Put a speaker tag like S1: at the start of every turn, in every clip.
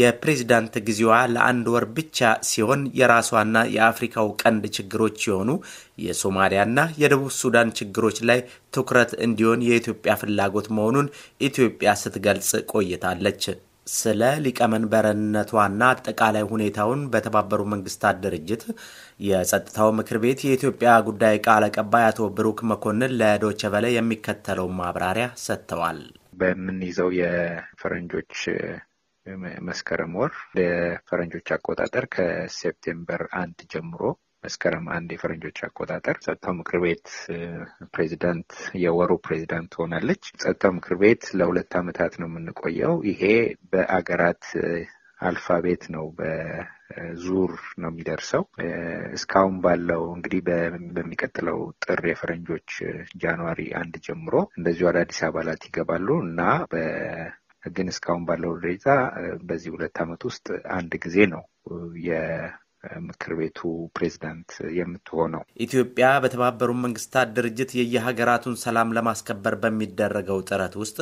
S1: የፕሬዚዳንት ጊዜዋ ለአንድ ወር ብቻ ሲሆን የራሷና የአፍሪካው ቀንድ ችግሮች የሆኑ የሶማሊያና የደቡብ ሱዳን ችግሮች ላይ ትኩረት እንዲሆን የኢትዮጵያ ፍላጎት መሆኑን ኢትዮጵያ ስትገልጽ ቆይታለች። ስለ ሊቀመንበርነቷና አጠቃላይ ሁኔታውን በተባበሩ መንግስታት ድርጅት የጸጥታው ምክር ቤት የኢትዮጵያ ጉዳይ ቃል አቀባይ አቶ ብሩክ መኮንን ለዶይቼ ቬለ የሚከተለውን ማብራሪያ ሰጥተዋል።
S2: በምንይዘው
S1: የፈረንጆች
S2: መስከረም ወር ለፈረንጆች አቆጣጠር ከሴፕቴምበር አንድ ጀምሮ መስከረም አንድ የፈረንጆች አቆጣጠር ጸጥታው ምክር ቤት ፕሬዚዳንት የወሩ ፕሬዚዳንት ትሆናለች። ጸጥታው ምክር ቤት ለሁለት ዓመታት ነው የምንቆየው። ይሄ በአገራት አልፋቤት ነው በዙር ነው የሚደርሰው። እስካሁን ባለው እንግዲህ በሚቀጥለው ጥር የፈረንጆች ጃንዋሪ አንድ ጀምሮ እንደዚሁ አዳዲስ አባላት ይገባሉ እና ግን እስካሁን ባለው ደረጃ በዚህ ሁለት ዓመት
S1: ውስጥ አንድ ጊዜ ነው ምክር ቤቱ
S2: ፕሬዝዳንት የምትሆነው
S1: ኢትዮጵያ በተባበሩት መንግስታት ድርጅት የየሀገራቱን ሰላም ለማስከበር በሚደረገው ጥረት ውስጥ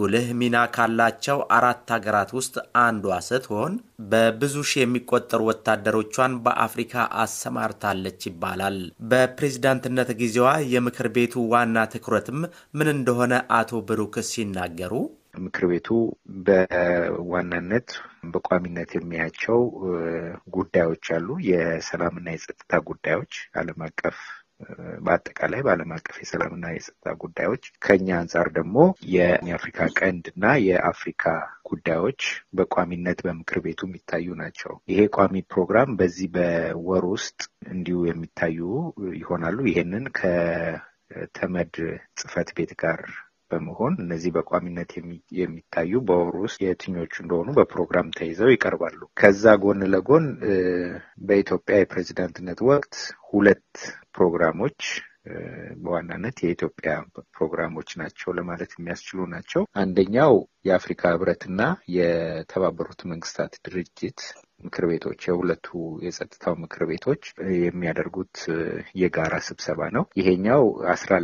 S1: ጉልህ ሚና ካላቸው አራት ሀገራት ውስጥ አንዷ ስትሆን በብዙ ሺህ የሚቆጠሩ ወታደሮቿን በአፍሪካ አሰማርታለች ይባላል። በፕሬዚዳንትነት ጊዜዋ የምክር ቤቱ ዋና ትኩረትም ምን እንደሆነ አቶ ብሩክ ሲናገሩ
S2: ምክር ቤቱ በዋናነት በቋሚነት የሚያቸው ጉዳዮች አሉ። የሰላምና የጸጥታ ጉዳዮች ዓለም አቀፍ በአጠቃላይ በዓለም አቀፍ የሰላምና የጸጥታ ጉዳዮች ከኛ አንጻር ደግሞ የአፍሪካ ቀንድ እና የአፍሪካ ጉዳዮች በቋሚነት በምክር ቤቱ የሚታዩ ናቸው። ይሄ ቋሚ ፕሮግራም በዚህ በወር ውስጥ እንዲሁ የሚታዩ ይሆናሉ። ይሄንን ከተመድ ጽፈት ቤት ጋር በመሆን እነዚህ በቋሚነት የሚታዩ በወሩ ውስጥ የትኞቹ እንደሆኑ በፕሮግራም ተይዘው ይቀርባሉ። ከዛ ጎን ለጎን በኢትዮጵያ የፕሬዚዳንትነት ወቅት ሁለት ፕሮግራሞች በዋናነት የኢትዮጵያ ፕሮግራሞች ናቸው ለማለት የሚያስችሉ ናቸው። አንደኛው የአፍሪካ ህብረትና የተባበሩት መንግስታት ድርጅት ምክር ቤቶች የሁለቱ የጸጥታው ምክር ቤቶች የሚያደርጉት የጋራ ስብሰባ ነው። ይሄኛው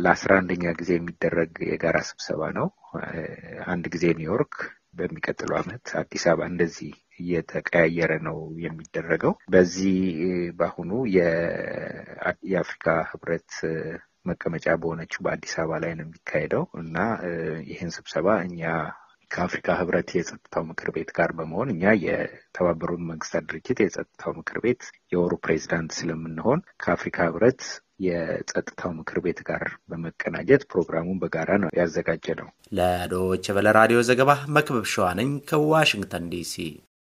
S2: ለአስራ አንደኛ ጊዜ የሚደረግ የጋራ ስብሰባ ነው። አንድ ጊዜ ኒውዮርክ፣ በሚቀጥለው ዓመት አዲስ አበባ እንደዚህ እየተቀያየረ ነው የሚደረገው። በዚህ በአሁኑ የአፍሪካ ህብረት መቀመጫ በሆነችው በአዲስ አበባ ላይ ነው የሚካሄደው እና ይህን ስብሰባ እኛ ከአፍሪካ ህብረት የጸጥታው ምክር ቤት ጋር በመሆን እኛ የተባበሩት መንግስታት ድርጅት የጸጥታው ምክር ቤት የወሩ ፕሬዚዳንት ስለምንሆን ከአፍሪካ ህብረት የጸጥታው ምክር ቤት ጋር በመቀናጀት ፕሮግራሙን በጋራ ነው ያዘጋጀ ነው።
S1: ለዶይቼ ራዲዮ ዘገባ መክበብ ሸዋነኝ ከዋሽንግተን ዲሲ